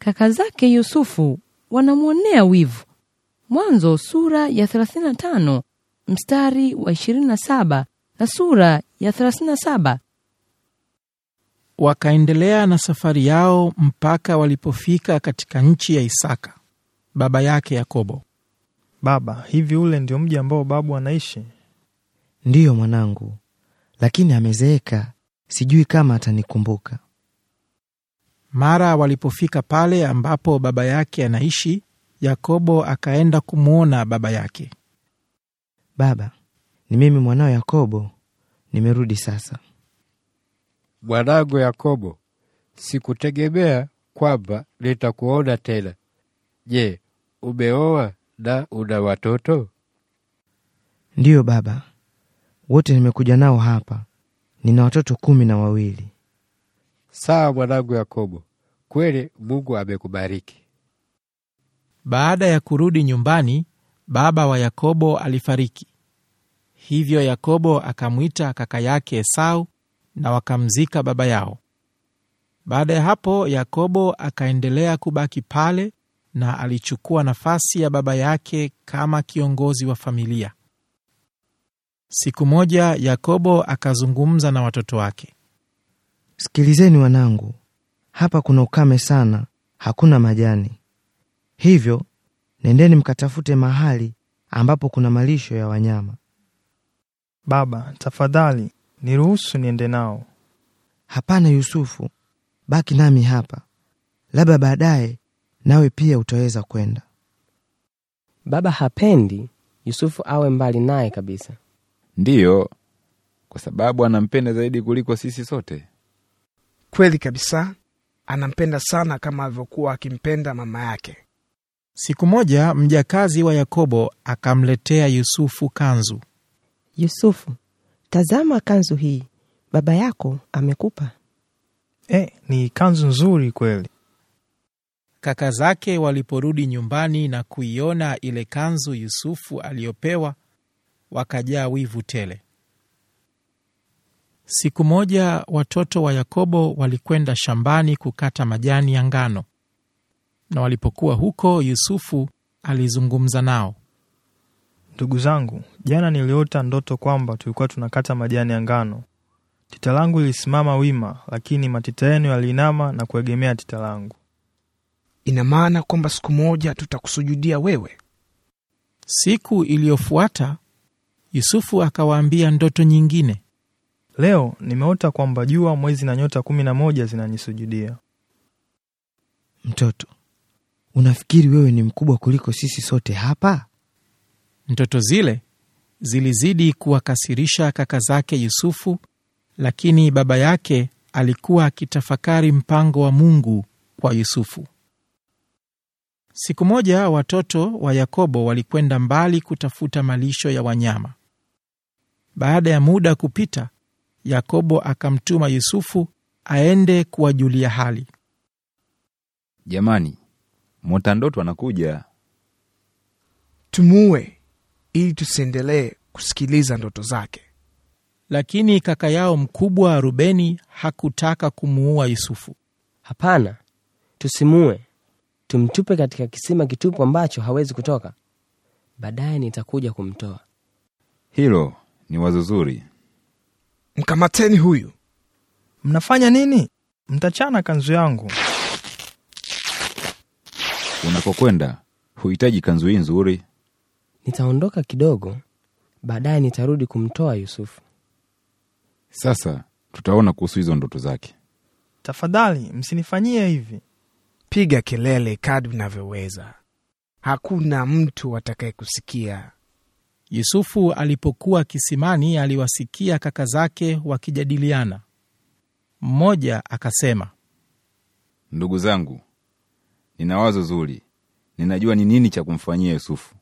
kaka zake Yusufu wanamwonea wivu. Mwanzo sura ya 35 mstari wa 27 na sura ya 37. Wakaendelea na safari yao mpaka walipofika katika nchi ya Isaka, baba yake Yakobo. Baba, hivi ule ndio mji ambao babu anaishi? Ndiyo mwanangu, lakini amezeeka, sijui kama atanikumbuka. Mara walipofika pale ambapo baba yake anaishi, Yakobo akaenda kumwona baba yake. Baba, ni mimi mwanao Yakobo, nimerudi sasa. Mwanangu Yakobo, sikutegemea kwamba nitakuona tena. Je, umeoa na una watoto? Ndiyo baba, wote nimekuja nao hapa. Nina watoto kumi na wawili. Sawa mwanangu Yakobo, kweli Mungu amekubariki. Baada ya kurudi nyumbani, baba wa Yakobo alifariki. Hivyo Yakobo akamwita kaka yake Esau na wakamzika baba yao. Baada ya hapo, Yakobo akaendelea kubaki pale na alichukua nafasi ya baba yake kama kiongozi wa familia. Siku moja Yakobo akazungumza na watoto wake. Sikilizeni wanangu, hapa kuna ukame sana, hakuna majani. Hivyo nendeni mkatafute mahali ambapo kuna malisho ya wanyama. Baba, tafadhali niruhusu niende nao. Hapana Yusufu, baki nami hapa, labda baadaye nawe pia utaweza kwenda. Baba hapendi Yusufu awe mbali naye kabisa. Ndiyo, kwa sababu anampenda zaidi kuliko sisi sote. Kweli kabisa, anampenda sana kama alivyokuwa akimpenda mama yake. Siku moja mjakazi wa Yakobo akamletea Yusufu kanzu. Yusufu, tazama kanzu hii baba yako amekupa. E, ni kanzu nzuri kweli. Kaka zake waliporudi nyumbani na kuiona ile kanzu Yusufu aliyopewa, wakajaa wivu tele. Siku moja watoto wa Yakobo walikwenda shambani kukata majani ya ngano, na walipokuwa huko, Yusufu alizungumza nao. Ndugu zangu, jana niliota ndoto kwamba tulikuwa tunakata majani ya ngano. Tita langu lilisimama wima, lakini matita yenu yaliinama na kuegemea tita langu. Ina maana kwamba siku moja tutakusujudia wewe. Siku iliyofuata Yusufu akawaambia ndoto nyingine. Leo nimeota kwamba jua, mwezi na nyota kumi na moja zinanisujudia. Mtoto, unafikiri wewe ni mkubwa kuliko sisi sote hapa? Ndoto zile zilizidi kuwakasirisha kaka zake Yusufu, lakini baba yake alikuwa akitafakari mpango wa Mungu kwa Yusufu. Siku moja watoto wa Yakobo walikwenda mbali kutafuta malisho ya wanyama. Baada ya muda kupita, Yakobo akamtuma Yusufu aende kuwajulia hali. Jamani, mota ndoto anakuja, tumue ili tusiendelee kusikiliza ndoto zake. Lakini kaka yao mkubwa Rubeni hakutaka kumuua Yusufu. Hapana, tusimue, tumtupe katika kisima kitupu ambacho hawezi kutoka. Baadaye nitakuja kumtoa. Hilo ni wazo zuri mkamateni huyu. Mnafanya nini? Mtachana kanzu yangu. Unakokwenda huhitaji kanzu hii nzuri. Nitaondoka kidogo, baadaye nitarudi kumtoa Yusufu. Sasa tutaona kuhusu hizo ndoto zake. Tafadhali msinifanyie hivi. Piga kelele kadri unavyoweza, hakuna mtu atakayekusikia. Yusufu alipokuwa kisimani aliwasikia kaka zake wakijadiliana. Mmoja akasema, ndugu zangu, nina wazo zuri, ninajua ni nini cha kumfanyia Yusufu.